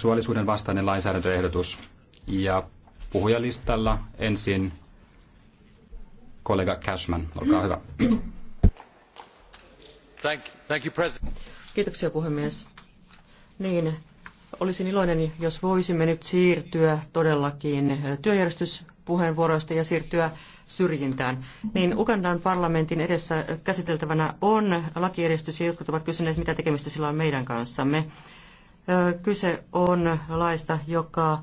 seksuaalisuuden vastainen lainsäädäntöehdotus. Ja puhujalistalla ensin kollega Cashman, olkaa hyvä. Thank, thank you, president. Kiitoksia puhemies. Niin, olisin iloinen, jos voisimme nyt siirtyä todellakin työjärjestyspuheenvuoroista ja siirtyä syrjintään. Niin Ugandan parlamentin edessä käsiteltävänä on lakijärjestys ja jotkut ovat kysyneet, mitä tekemistä sillä on meidän kanssamme. Kyse on laista, joka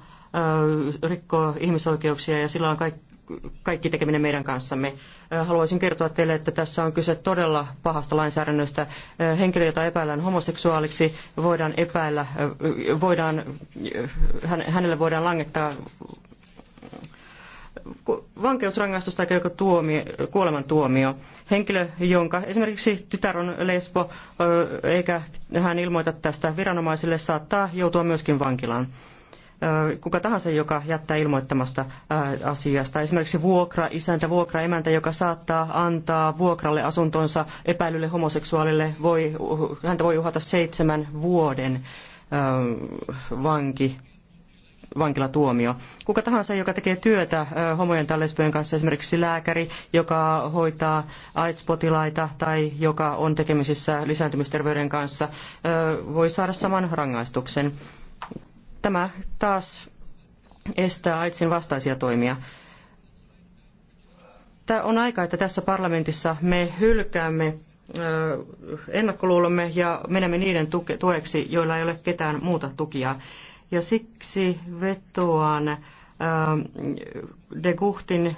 rikkoo ihmisoikeuksia ja sillä on kaikki tekeminen meidän kanssamme. Haluaisin kertoa teille, että tässä on kyse todella pahasta lainsäädännöstä. Henkilö, jota epäillään homoseksuaaliksi, voidaan epäillä, voidaan, hänelle voidaan langettaa vankeusrangaistus tai joko tuomio, kuolemantuomio. Henkilö, jonka esimerkiksi tytär on lesbo, eikä hän ilmoita tästä viranomaisille, saattaa joutua myöskin vankilaan kuka tahansa, joka jättää ilmoittamasta asiasta. Esimerkiksi vuokra, isäntä, vuokra, emäntä, joka saattaa antaa vuokralle asuntonsa epäilylle homoseksuaalille, voi, häntä voi uhata seitsemän vuoden vanki vankilatuomio. Kuka tahansa, joka tekee työtä homojen tai lesbojen kanssa, esimerkiksi lääkäri, joka hoitaa AIDS-potilaita tai joka on tekemisissä lisääntymisterveyden kanssa, voi saada saman rangaistuksen. Tämä taas estää AIDSin vastaisia toimia Tämä on aika, että tässä parlamentissa me hylkäämme ennakkoluulomme ja menemme niiden tueksi, joilla ei ole ketään muuta tukia. Ja siksi vetoan De Guchtin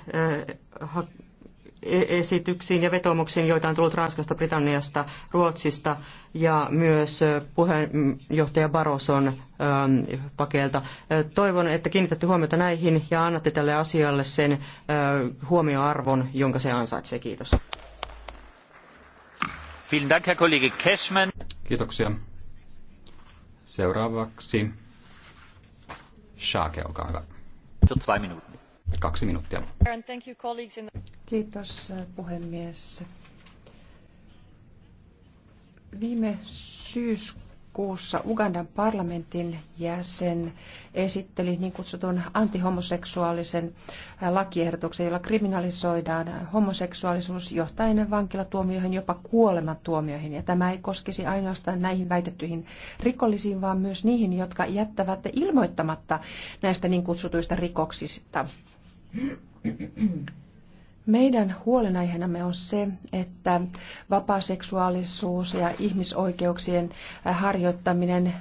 e-, esityksiin ja vetomuksiin, joita on tullut Ranskasta, Britanniasta, Ruotsista ja myös puheenjohtaja Baroson pakeelta. Toivon, että kiinnitätte huomiota näihin ja annatte tälle asialle sen huomioarvon, jonka se ansaitsee. Kiitos. Kiitoksia. Seuraavaksi Shaake, olkaa hyvä. Kaksi minuuttia. Kiitos puhemies. Viime syyskuussa kuussa Ugandan parlamentin jäsen esitteli niin kutsutun antihomoseksuaalisen lakiehdotuksen, jolla kriminalisoidaan homoseksuaalisuus johtainen vankilatuomioihin, jopa kuolemantuomioihin. Ja tämä ei koskisi ainoastaan näihin väitettyihin rikollisiin, vaan myös niihin, jotka jättävät ilmoittamatta näistä niin kutsutuista rikoksista. Meidän huolenaiheenamme on se, että vapaaseksuaalisuus ja ihmisoikeuksien äh, harjoittaminen, äh,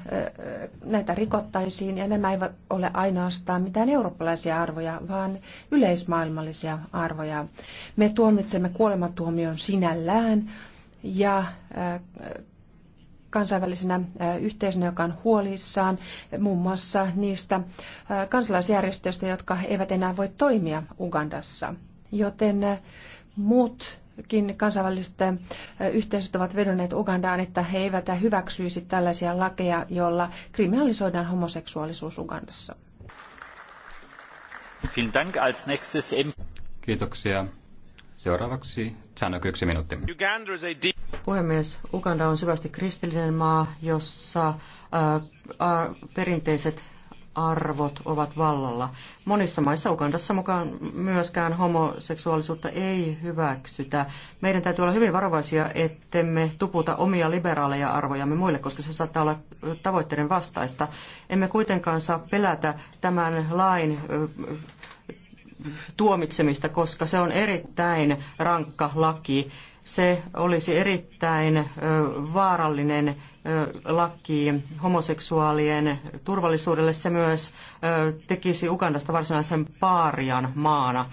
näitä rikottaisiin ja nämä eivät ole ainoastaan mitään eurooppalaisia arvoja, vaan yleismaailmallisia arvoja. Me tuomitsemme kuolematuomion sinällään ja äh, kansainvälisenä yhteisönä, joka on huolissaan muun muassa niistä kansalaisjärjestöistä, jotka eivät enää voi toimia Ugandassa – joten muutkin kansainväliset yhteisöt ovat vedonneet Ugandaan, että he eivät hyväksyisi tällaisia lakeja, joilla kriminalisoidaan homoseksuaalisuus Ugandassa. Kiitoksia. Seuraavaksi Chanok yksi minuutti. Puhemies, Uganda on syvästi kristillinen maa, jossa äh, äh, perinteiset arvot ovat vallalla. Monissa maissa, Ugandassa mukaan myöskään homoseksuaalisuutta ei hyväksytä. Meidän täytyy olla hyvin varovaisia, ettemme tuputa omia liberaaleja arvojamme muille, koska se saattaa olla tavoitteiden vastaista. Emme kuitenkaan saa pelätä tämän lain tuomitsemista, koska se on erittäin rankka laki. Se olisi erittäin vaarallinen laki homoseksuaalien turvallisuudelle, se myös tekisi Ugandasta varsinaisen paarian maana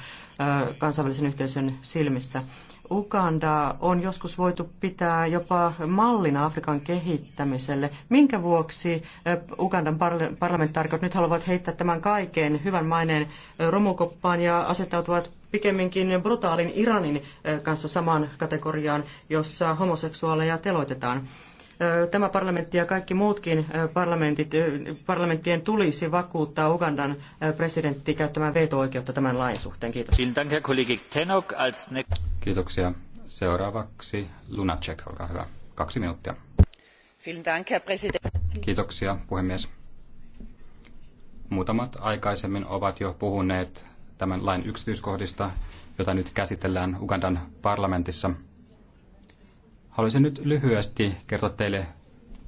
kansainvälisen yhteisön silmissä. Uganda on joskus voitu pitää jopa mallina Afrikan kehittämiselle. Minkä vuoksi Ugandan parlamentaarikot nyt haluavat heittää tämän kaiken hyvän maineen romukoppaan ja asettautuvat pikemminkin brutaalin Iranin kanssa samaan kategoriaan, jossa homoseksuaaleja teloitetaan? Tämä parlamentti ja kaikki muutkin parlamentit, parlamenttien tulisi vakuuttaa Ugandan presidentti käyttämään veto-oikeutta tämän lain suhteen. Kiitos. Kiitoksia. Seuraavaksi Lunacek, olkaa hyvä. Kaksi minuuttia. Kiitoksia, puhemies. Muutamat aikaisemmin ovat jo puhuneet tämän lain yksityiskohdista, jota nyt käsitellään Ugandan parlamentissa – Haluaisin nyt lyhyesti kertoa teille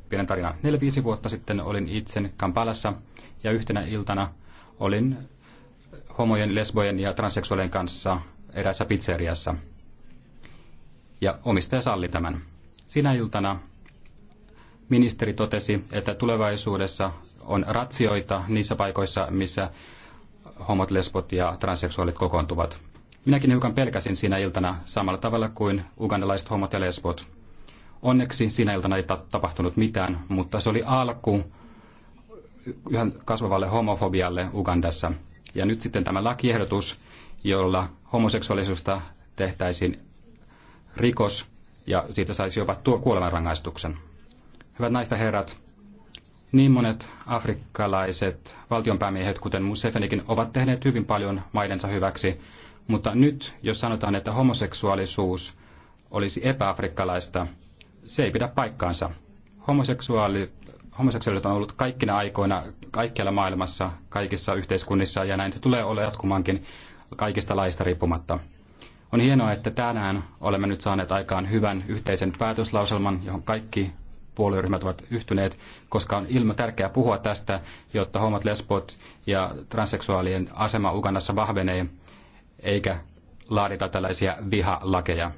pienen tarinan. Neljä viisi vuotta sitten olin itse Kampalassa ja yhtenä iltana olin homojen, lesbojen ja transseksuaalien kanssa eräässä pizzeriassa. Ja omistaja salli tämän. Sinä iltana ministeri totesi, että tulevaisuudessa on ratsioita niissä paikoissa, missä homot, lesbot ja transseksuaalit kokoontuvat. Minäkin hiukan pelkäsin siinä iltana samalla tavalla kuin ugandalaiset homot ja lesbot. Onneksi sinä iltana ei tapahtunut mitään, mutta se oli alku yhä kasvavalle homofobialle Ugandassa. Ja nyt sitten tämä lakiehdotus, jolla homoseksuaalisuudesta tehtäisiin rikos ja siitä saisi jopa tuo kuolemanrangaistuksen. Hyvät naista herrat, niin monet afrikkalaiset valtionpäämiehet, kuten Musefenikin, ovat tehneet hyvin paljon maidensa hyväksi, mutta nyt, jos sanotaan, että homoseksuaalisuus olisi epäafrikkalaista, se ei pidä paikkaansa. Homoseksuaali, homoseksuaalit on ollut kaikkina aikoina kaikkialla maailmassa, kaikissa yhteiskunnissa ja näin se tulee olla jatkumankin kaikista laista riippumatta. On hienoa, että tänään olemme nyt saaneet aikaan hyvän yhteisen päätöslauselman, johon kaikki puolueryhmät ovat yhtyneet, koska on ilma tärkeää puhua tästä, jotta homot, lesbot ja transseksuaalien asema Ugandassa vahvenee, eikä laadita tällaisia vihalakeja.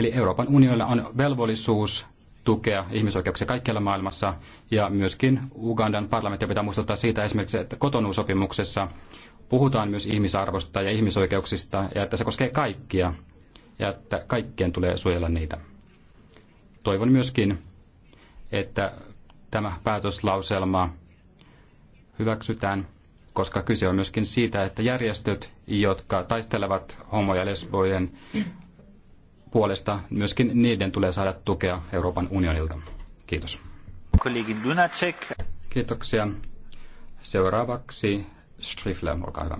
Eli Euroopan unionilla on velvollisuus tukea ihmisoikeuksia kaikkialla maailmassa ja myöskin Ugandan parlamentti pitää muistuttaa siitä esimerkiksi, että kotonuusopimuksessa puhutaan myös ihmisarvosta ja ihmisoikeuksista ja että se koskee kaikkia ja että kaikkien tulee suojella niitä. Toivon myöskin, että tämä päätöslauselma hyväksytään, koska kyse on myöskin siitä, että järjestöt, jotka taistelevat homo- ja lesbojen puolesta myöskin niiden tulee saada tukea Euroopan unionilta. Kiitos. Kiitoksia. Seuraavaksi Strifler, olkaa hyvä.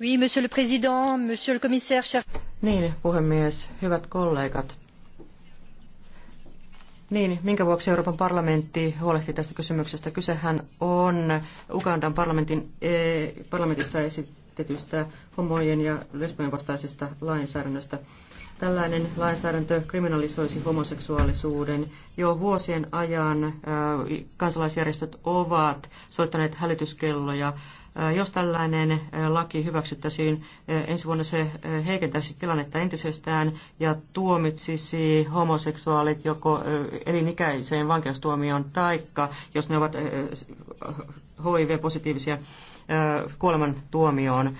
Oui, monsieur le président, monsieur le commissaire, cher... Niin, puhemies, hyvät kollegat. Niin, minkä vuoksi Euroopan parlamentti huolehti tästä kysymyksestä? Kysehän on Ugandan parlamentin, eh, parlamentissa esitetty tietystä homojen ja lesbojen vastaisesta lainsäädännöstä. Tällainen lainsäädäntö kriminalisoisi homoseksuaalisuuden. Jo vuosien ajan äh, kansalaisjärjestöt ovat soittaneet hälytyskelloja. Äh, jos tällainen äh, laki hyväksyttäisiin, ensi vuonna se heikentäisi tilannetta entisestään ja tuomitsisi homoseksuaalit joko elinikäiseen vankeustuomioon taikka, jos ne ovat HIV-positiivisia, Äh, kuoleman tuomioon. Äh,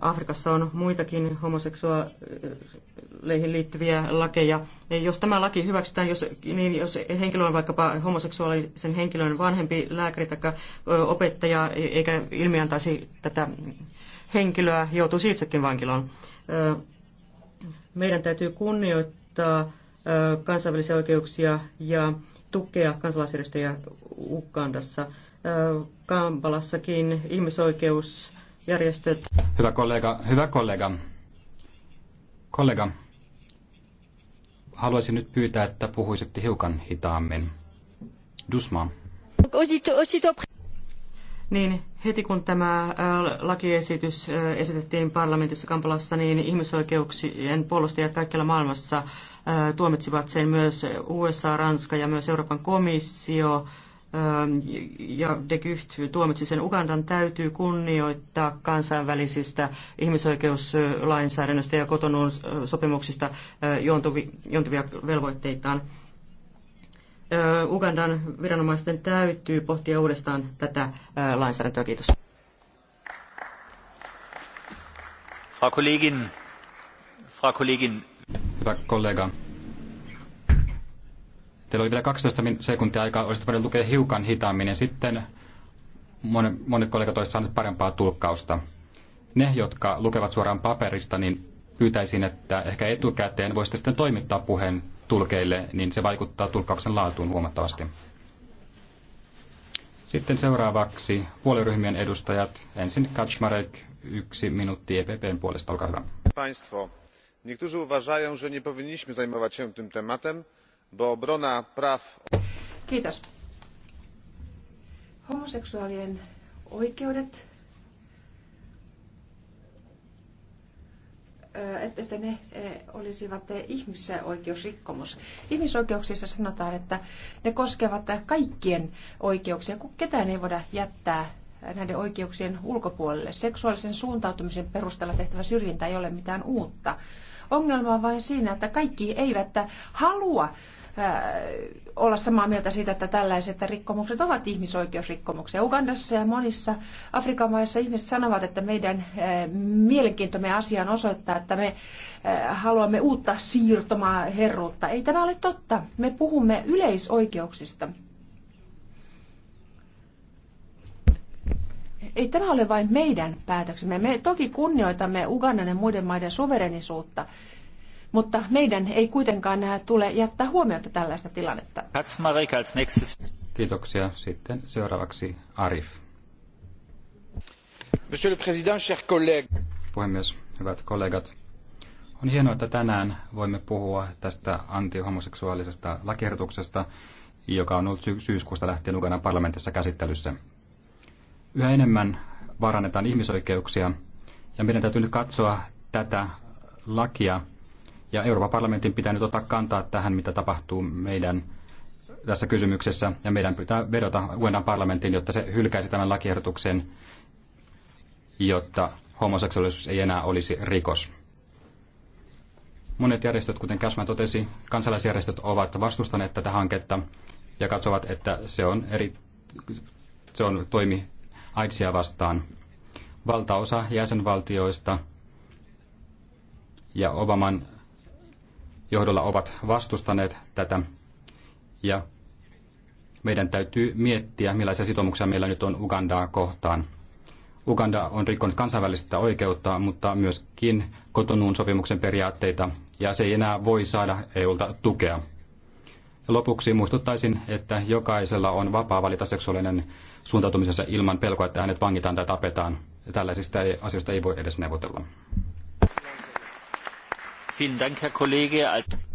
Afrikassa on muitakin homoseksuaaleihin liittyviä lakeja. Jos tämä laki hyväksytään, jos, niin jos henkilö on vaikkapa homoseksuaalisen henkilön vanhempi lääkäri tai äh, opettaja, e- eikä ilmiantaisi tätä henkilöä, joutuisi itsekin vankilaan. Meidän täytyy kunnioittaa kansainvälisiä oikeuksia ja tukea kansalaisjärjestöjä Ukandassa – Kampalassakin ihmisoikeusjärjestöt. Hyvä kollega, hyvä kollega. Kollega, haluaisin nyt pyytää, että puhuisitte hiukan hitaammin. Dusma. Niin, heti kun tämä lakiesitys esitettiin parlamentissa Kampalassa, niin ihmisoikeuksien puolustajat kaikkialla maailmassa tuomitsivat sen myös USA, Ranska ja myös Euroopan komissio Ähm, ja de Gucht tuomitsi sen, Ugandan täytyy kunnioittaa kansainvälisistä ihmisoikeuslainsäädännöstä ja kotonuun äh, sopimuksista äh, jontuvia velvoitteitaan. Äh, Ugandan viranomaisten täytyy pohtia uudestaan tätä lainsäädäntöä. Kiitos. Frau Kollegin, Frau Kollegin. Hyvä kollega, Teillä oli vielä 12 sekuntia aikaa, olisit voinut lukea hiukan hitaammin ja sitten monet, monet kollegat olisivat saaneet parempaa tulkkausta. Ne, jotka lukevat suoraan paperista, niin pyytäisin, että ehkä etukäteen voisitte sitten toimittaa puheen tulkeille, niin se vaikuttaa tulkkauksen laatuun huomattavasti. Sitten seuraavaksi puoliryhmien edustajat. Ensin Kaczmarek, yksi minuutti EPPn puolesta, olkaa hyvä. Państwo, niektórzy uważają, że nie powinniśmy zajmować się tym tematem, bo obrona praw... Kiitos. Homoseksuaalien oikeudet, että ne olisivat ihmisoikeusrikkomus. Ihmisoikeuksissa sanotaan, että ne koskevat kaikkien oikeuksia, kun ketään ei voida jättää näiden oikeuksien ulkopuolelle. Seksuaalisen suuntautumisen perusteella tehtävä syrjintä ei ole mitään uutta. Ongelma on vain siinä, että kaikki eivät halua olla samaa mieltä siitä, että tällaiset rikkomukset ovat ihmisoikeusrikkomuksia. Ugandassa ja monissa Afrikan maissa ihmiset sanovat, että meidän mielenkiintomme asiaan osoittaa, että me haluamme uutta siirtomaa herruutta. Ei tämä ole totta. Me puhumme yleisoikeuksista. Ei tämä ole vain meidän päätöksemme. Me toki kunnioitamme Ugandan ja muiden maiden suverenisuutta, mutta meidän ei kuitenkaan äh, tule jättää huomiota tällaista tilannetta. Kiitoksia. Sitten seuraavaksi Arif. Monsieur le Président, chers collègues. Puhemies, hyvät kollegat. On hienoa, että tänään voimme puhua tästä antihomoseksuaalisesta lakiehdotuksesta, joka on ollut syyskuusta lähtien Ugandan parlamentissa käsittelyssä. Yhä enemmän varannetaan ihmisoikeuksia, ja meidän täytyy nyt katsoa tätä lakia ja Euroopan parlamentin pitää nyt ottaa kantaa tähän, mitä tapahtuu meidän tässä kysymyksessä. Ja meidän pitää vedota Uendan parlamentin, jotta se hylkäisi tämän lakiehdotuksen, jotta homoseksuaalisuus ei enää olisi rikos. Monet järjestöt, kuten Käsmä totesi, kansalaisjärjestöt ovat vastustaneet tätä hanketta ja katsovat, että se on, eri, se on toimi AIDSia vastaan. Valtaosa jäsenvaltioista ja Obaman johdolla ovat vastustaneet tätä. Ja meidän täytyy miettiä, millaisia sitoumuksia meillä nyt on Ugandaa kohtaan. Uganda on rikkonut kansainvälistä oikeutta, mutta myöskin kotonuun sopimuksen periaatteita, ja se ei enää voi saada EUlta tukea. Lopuksi muistuttaisin, että jokaisella on vapaa valita seksuaalinen suuntautumisensa ilman pelkoa, että hänet vangitaan tai tapetaan. Tällaisista asioista ei voi edes neuvotella.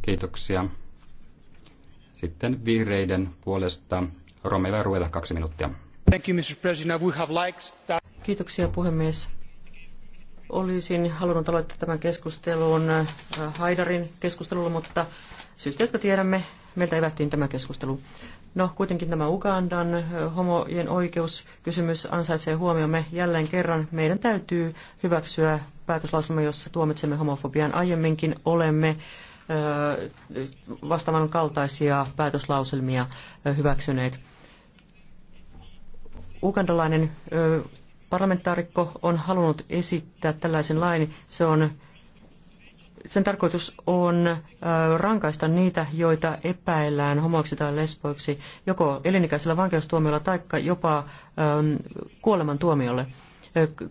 Kiitoksia. Sitten vihreiden puolesta Romeva Rueda kaksi minuuttia. Thank you, Mr. President. We have liked... Kiitoksia puhemies. Olisin halunnut aloittaa tämän keskustelun äh, Haidarin keskustelulla, mutta syystä, jotka tiedämme, meiltä evättiin tämä keskustelu. No kuitenkin tämä Ugandan homojen oikeuskysymys ansaitsee huomiomme jälleen kerran. Meidän täytyy hyväksyä päätöslauselma, jossa tuomitsemme homofobian. Aiemminkin olemme vastaavan kaltaisia päätöslauselmia hyväksyneet. Ugandalainen parlamentaarikko on halunnut esittää tällaisen lain. Se on sen tarkoitus on rankaista niitä, joita epäillään homoiksi tai lesboiksi joko elinikäisellä vankeustuomiolla tai jopa kuolemantuomiolle.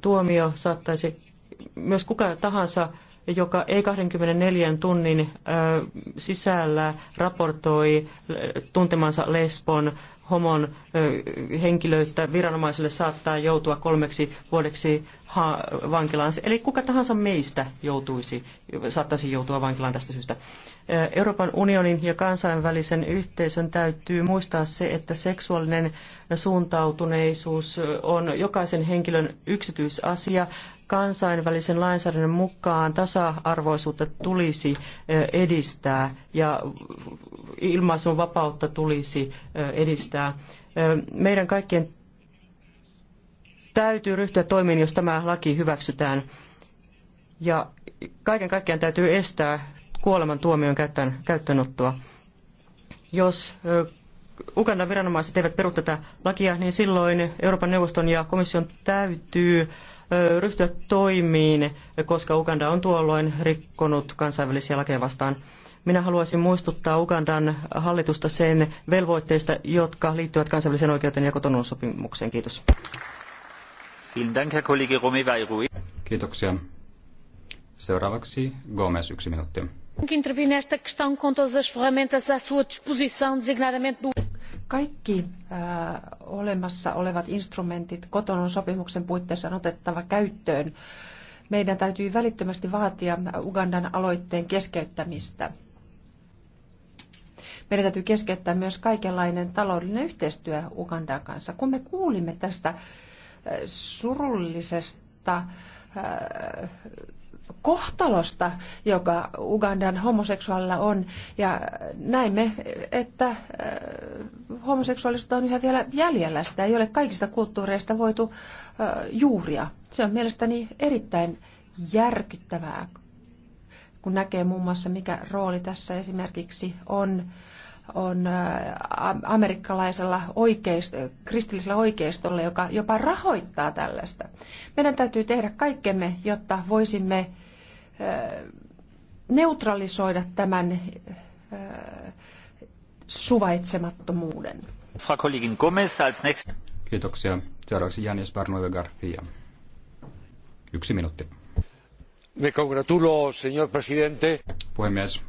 Tuomio saattaisi myös kuka tahansa, joka ei 24 tunnin sisällä raportoi tuntemansa lesbon homon henkilöitä viranomaiselle saattaa joutua kolmeksi vuodeksi vankilaan. Eli kuka tahansa meistä joutuisi, saattaisi joutua vankilaan tästä syystä. Euroopan unionin ja kansainvälisen yhteisön täytyy muistaa se, että seksuaalinen suuntautuneisuus on jokaisen henkilön yksityisasia. Kansainvälisen lainsäädännön mukaan tasa-arvoisuutta tulisi edistää ja ilmaisun vapautta tulisi edistää. Meidän kaikkien täytyy ryhtyä toimiin, jos tämä laki hyväksytään. Ja kaiken kaikkiaan täytyy estää kuolemantuomion käyttöönottoa. Jos Ugandan viranomaiset eivät peru tätä lakia, niin silloin Euroopan neuvoston ja komission täytyy ryhtyä toimiin, koska Uganda on tuolloin rikkonut kansainvälisiä lakeja vastaan. Minä haluaisin muistuttaa Ugandan hallitusta sen velvoitteista, jotka liittyvät kansainväliseen oikeuteen ja kotonun sopimukseen. Kiitos. Kiitoksia. Seuraavaksi Gomez, yksi minuutti. No- Kaikki olemassa olevat instrumentit kotonun sopimuksen puitteissa on otettava käyttöön meidän täytyy välittömästi vaatia Ugandan aloitteen keskeyttämistä. Meidän täytyy keskeyttää myös kaikenlainen taloudellinen yhteistyö Ugandan kanssa. Kun me kuulimme tästä äh, surullisesta äh, kohtalosta, joka Ugandan homoseksuaalilla on. Ja näimme, että äh, homoseksuaalisuutta on yhä vielä jäljellä. Sitä ei ole kaikista kulttuureista voitu juuria. Se on mielestäni erittäin järkyttävää, kun näkee muun muassa, mikä rooli tässä esimerkiksi on, on amerikkalaisella oikeist, kristillisellä oikeistolla, joka jopa rahoittaa tällaista. Meidän täytyy tehdä kaikkemme, jotta voisimme neutralisoida tämän suvaitsemattomuuden. Frau Kollegin Gomez als Kiitoksia. Seuraavaksi Janis Barnueva Garcia. Yksi minuutti. Me congratulo, señor presidente. Puhemies,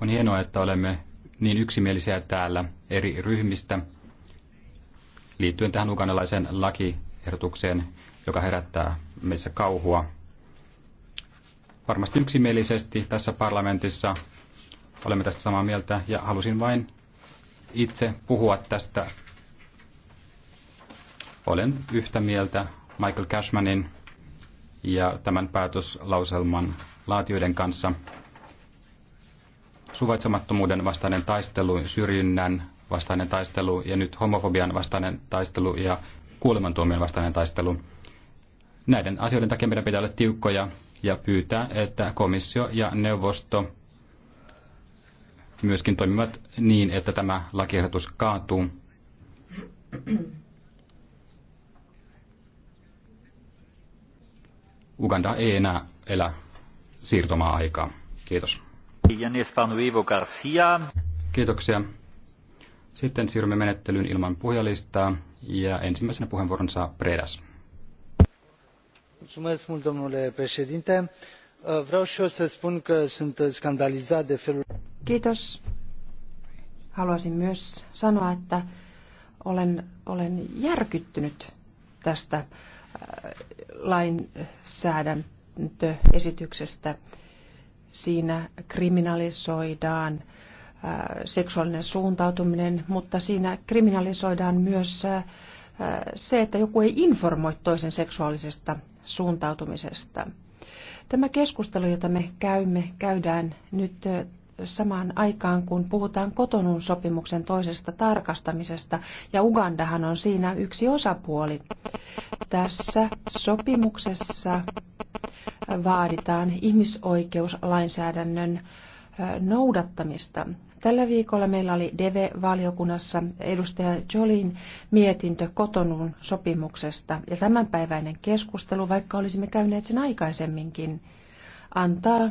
on hienoa, että olemme niin yksimielisiä täällä eri ryhmistä liittyen tähän uganalaiseen lakiehdotukseen, joka herättää meissä kauhua. Varmasti yksimielisesti tässä parlamentissa olemme tästä samaa mieltä ja halusin vain itse puhua tästä. Olen yhtä mieltä Michael Cashmanin ja tämän päätöslauselman laatijoiden kanssa. Suvaitsemattomuuden vastainen taistelu, syrjinnän vastainen taistelu ja nyt homofobian vastainen taistelu ja kuolemantuomion vastainen taistelu. Näiden asioiden takia meidän pitää olla tiukkoja ja pyytää, että komissio ja neuvosto myöskin toimivat niin, että tämä lakiehdotus kaatuu. Uganda ei enää elä siirtomaa-aikaa. Kiitos. Kiitoksia. Sitten siirrymme menettelyyn ilman puhujalistaa ja ensimmäisenä puheenvuoron saa Predas. Mulțumesc mult, domnule președinte. Vreau și eu să spun că sunt scandalizat de felul... Kiitos. Haluaisin myös sanoa, että olen, olen järkyttynyt tästä lainsäädäntöesityksestä. Siinä kriminalisoidaan äh, seksuaalinen suuntautuminen, mutta siinä kriminalisoidaan myös äh, se, että joku ei informoi toisen seksuaalisesta suuntautumisesta. Tämä keskustelu, jota me käymme, käydään nyt äh, samaan aikaan, kun puhutaan kotonun sopimuksen toisesta tarkastamisesta, ja Ugandahan on siinä yksi osapuoli. Tässä sopimuksessa vaaditaan ihmisoikeuslainsäädännön noudattamista. Tällä viikolla meillä oli DEVE-valiokunnassa edustaja Jolin mietintö kotonun sopimuksesta ja tämänpäiväinen keskustelu, vaikka olisimme käyneet sen aikaisemminkin, antaa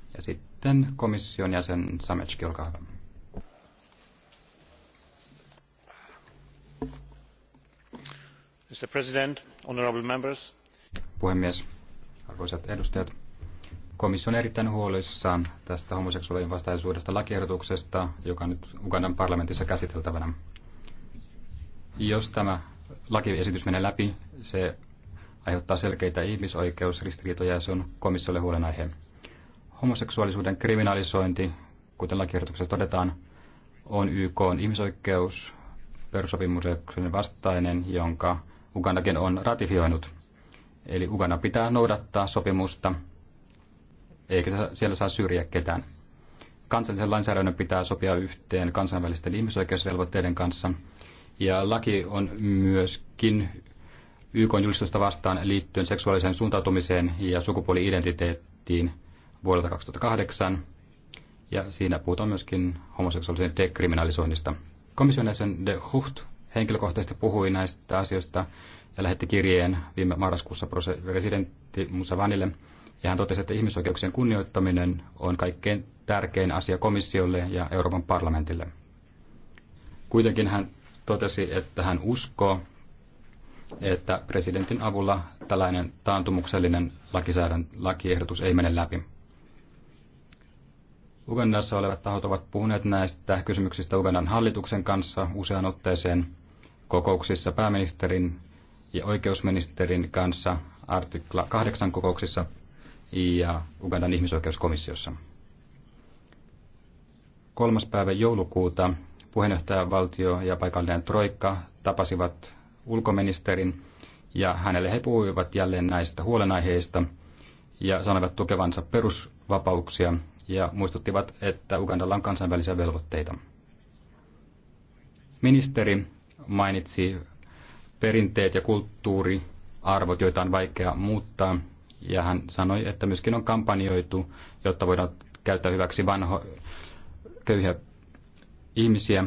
Ja sitten komission jäsen Sametski, olkaa hyvä. Mr. President, honorable members. Puhemies, arvoisat edustajat. Komissio on erittäin huolissaan tästä homoseksuaalien vastaisuudesta lakiehdotuksesta, joka on nyt Ugandan parlamentissa käsiteltävänä. Jos tämä lakiesitys menee läpi, se aiheuttaa selkeitä ihmisoikeusristiriitoja ja se on komissiolle huolenaihe. Homoseksuaalisuuden kriminalisointi, kuten lakiehdotuksessa todetaan, on YK on ihmisoikeus perussopimuksen vastainen, jonka Ugandakin on ratifioinut. Eli Uganda pitää noudattaa sopimusta, eikä siellä saa syrjiä ketään. Kansallisen lainsäädännön pitää sopia yhteen kansainvälisten ihmisoikeusvelvoitteiden kanssa. Ja laki on myöskin YK julistusta vastaan liittyen seksuaaliseen suuntautumiseen ja sukupuoli-identiteettiin vuodelta 2008, ja siinä puhutaan myöskin homoseksuaalisen dekriminalisoinnista. Komission jäsen de Hucht henkilökohtaisesti puhui näistä asioista ja lähetti kirjeen viime marraskuussa presidentti Musavanille. Ja hän totesi, että ihmisoikeuksien kunnioittaminen on kaikkein tärkein asia komissiolle ja Euroopan parlamentille. Kuitenkin hän totesi, että hän uskoo, että presidentin avulla tällainen taantumuksellinen lakiehdotus ei mene läpi. Ugandassa olevat tahot ovat puhuneet näistä kysymyksistä Ugandan hallituksen kanssa useaan otteeseen kokouksissa pääministerin ja oikeusministerin kanssa artikla 8 kokouksissa ja Ugandan ihmisoikeuskomissiossa. Kolmas päivä joulukuuta puheenjohtajavaltio ja paikallinen Troikka tapasivat ulkoministerin ja hänelle he puhuivat jälleen näistä huolenaiheista ja sanoivat tukevansa perusvapauksia ja muistuttivat, että Ugandalla on kansainvälisiä velvoitteita. Ministeri mainitsi perinteet ja kulttuuriarvot, joita on vaikea muuttaa, ja hän sanoi, että myöskin on kampanjoitu, jotta voidaan käyttää hyväksi vanho, köyhiä ihmisiä.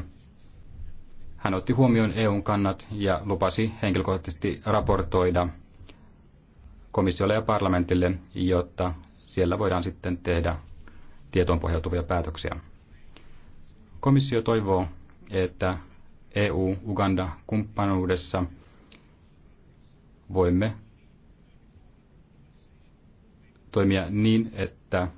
Hän otti huomioon EUn kannat ja lupasi henkilökohtaisesti raportoida komissiolle ja parlamentille, jotta siellä voidaan sitten tehdä tietoon pohjautuvia päätöksiä. Komissio toivoo, että EU-Uganda-kumppanuudessa voimme toimia niin, että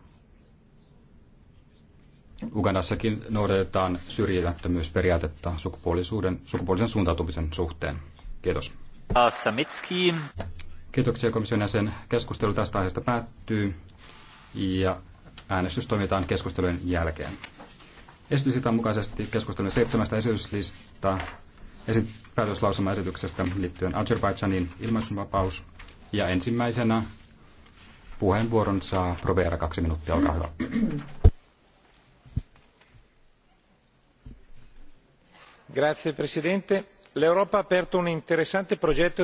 Ugandassakin noudatetaan syrjimättömyysperiaatetta sukupuolisuuden, sukupuolisen suuntautumisen suhteen. Kiitos. Samitski. Kiitoksia komission jäsen. Keskustelu tästä aiheesta päättyy ja Äänestys toimitaan keskustelujen jälkeen. Esityslistan mukaisesti keskustelun seitsemästä esityslista esi- päätöslausumaesityksestä liittyen Azerbaidžanin ilmaisunvapaus. Ja ensimmäisenä puheenvuoron saa Provera kaksi minuuttia, olkaa hyvä. Grazie Presidente. L'Europa ha aperto un interessante progetto